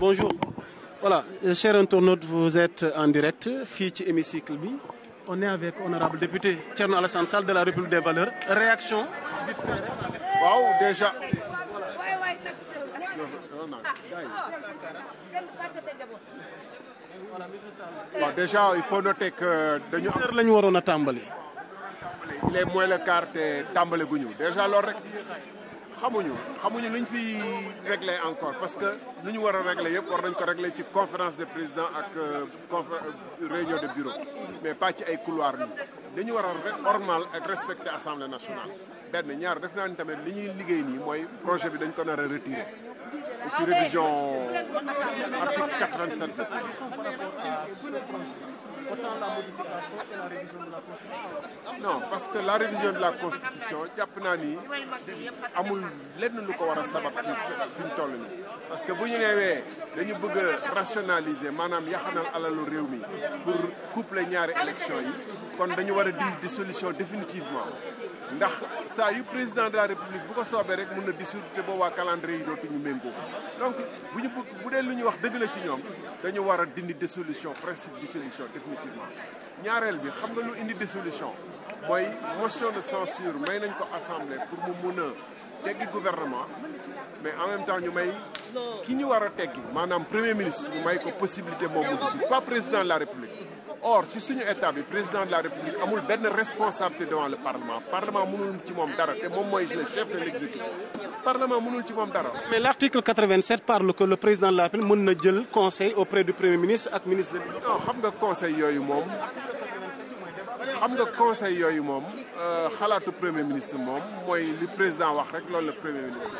bonjour. Voilà, euh, chers internautes, vous êtes en direct, fii ci hémicycle bi. On est avec honorable député Thierno Alassane Sall de la République des Valeurs. Réaction waaw déjà. waaw déjà il faut noter que dañu. heure la ñu waroon a tàmbali. il est moins le quart te tàmbali guñu déjà loolu rek. xamuñu xamuñu lu ñu fiy réglé encore parce que lu ñu war a réglé yëpp war nañ ko réglé ci conférence des président ak euh, euh, région de bureau mais pas ci ay couloir nii dañu war a ak ak respecter assemblée nationale benn ñaar def naa ni tamit li ñuy liggéey nii mooy projet bi dañ ko nar a retiré ah, ci révision article 87. non parce que la révision de la constitution jàpp naa ni amul lenn lu ko war a sabab ci fi ñu toll nii parce que bu ñu neewee dañu bëgg a rationaliser maanaam yaxanal alalu réew mi pour coupler ñaari élection yi kon dañu war a dindi dissolution définitivement ndax saa yu président de la république bu ko soobee rek mun na dissoudre te boobaa calendrier yi dootuñu méngoo donc bu ñu bu dee lu ñu wax dëgg la ci ñoom dañu war a dindi dissolution principe dissolution définitivement ñaareel bi xam nga lu indi dissolution mooy motion de censure may nañ ko assemblée pour mu mun a teggi gouvernement mais en même temps ñu may ki ñu war a teggi maanaam premier ministre ñu may ko possibilité moom mu dissoudre pas président de la république or ci suñu état bi président de la république amul benn responsabilité devant le parlement parlement mënul ci moom dara te moom mooy le chef de l'exécutif parlement mënul ci moom dara. mais l'article 87 parle que le président de la république mën na jël conseil auprès du premier ministre ak ministre de. non xam nga conseil yooyu moom. xam nga conseil yooyu moom euh, xalaatu premier ministre moom mooy li président wax rek loolu la premier ministre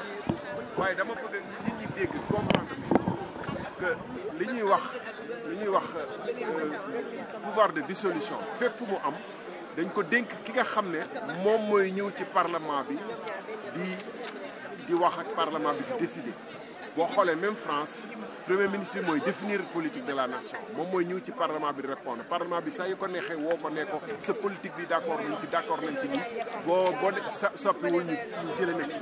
waaye dama a nit ñi dégg que li ñuy wax li ñuy wax euh, pouvoir de solution fépp fu mu am dañ ko dénk ki nga xam ne moom mooy ñëw ci parlement bi di di wax ak parlement bi di décider boo xoolee même France premier ministre bi mooy définir politique de la nation moom mooy ñëw ci parlement bi répondre parlement bi saa yu ko neexee woo ko ne ko sa politique bi d' accord nañ ci d' accord nañ ci nii boo boo soppiwul ñu jëlee na fi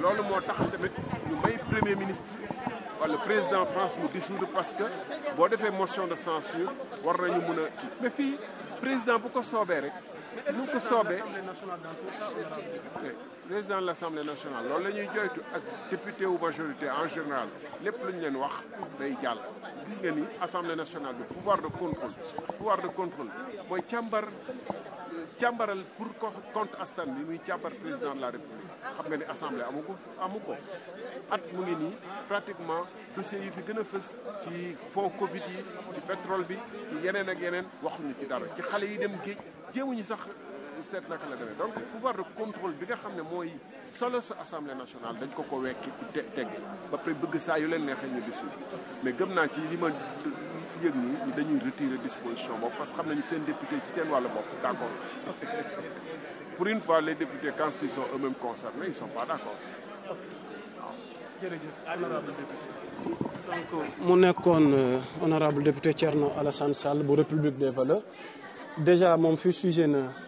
loolu moo tax tamit ñu may premier ministre wala président France mu dissoudre parce que boo defee motion de censure war nañu mën a fii président bu ko soobee rek nu mu ko soobee président de l'Assemblée nationale loolu la ñuy joytu ak député wu majorité en général lépp lu leen wax day jàll gis nga ni Assemblée nationale bi pouvoir de contrôle pouvoir de contrôle mooy càmbar càmbaral pour compte askan bi muy càmbar président de la république xam nga ne assemblée amu ko amu ko at mu ngi nii pratiquement dossiers yi fi gën a fës ci fonds Covid yi ci petrole bi ci yeneen ak yeneen waxuñu ci dara ci xale yi dem géej jéemuñu sax seet naka la demee donc pouvoir de contrôle bi nga xam ne mooy solo sa assemblée nationale dañ ko ko wekki te tegge ba pare bëgg saa yu leen neexee ñu di mais gëm naa ci li ma yëg nii dañuy retirer disposition boobu parce que xam nañu seen député ci seen wàllu bopp d' pour une fois les députés quand ils sont eux-mêmes concernés ils sont pas d' accord. jërëjëf honorable député. donc euh, mu nekkoon euh, honorable député Thierno Alassane Sall bu République des valeurs déjà moom fii sujet na.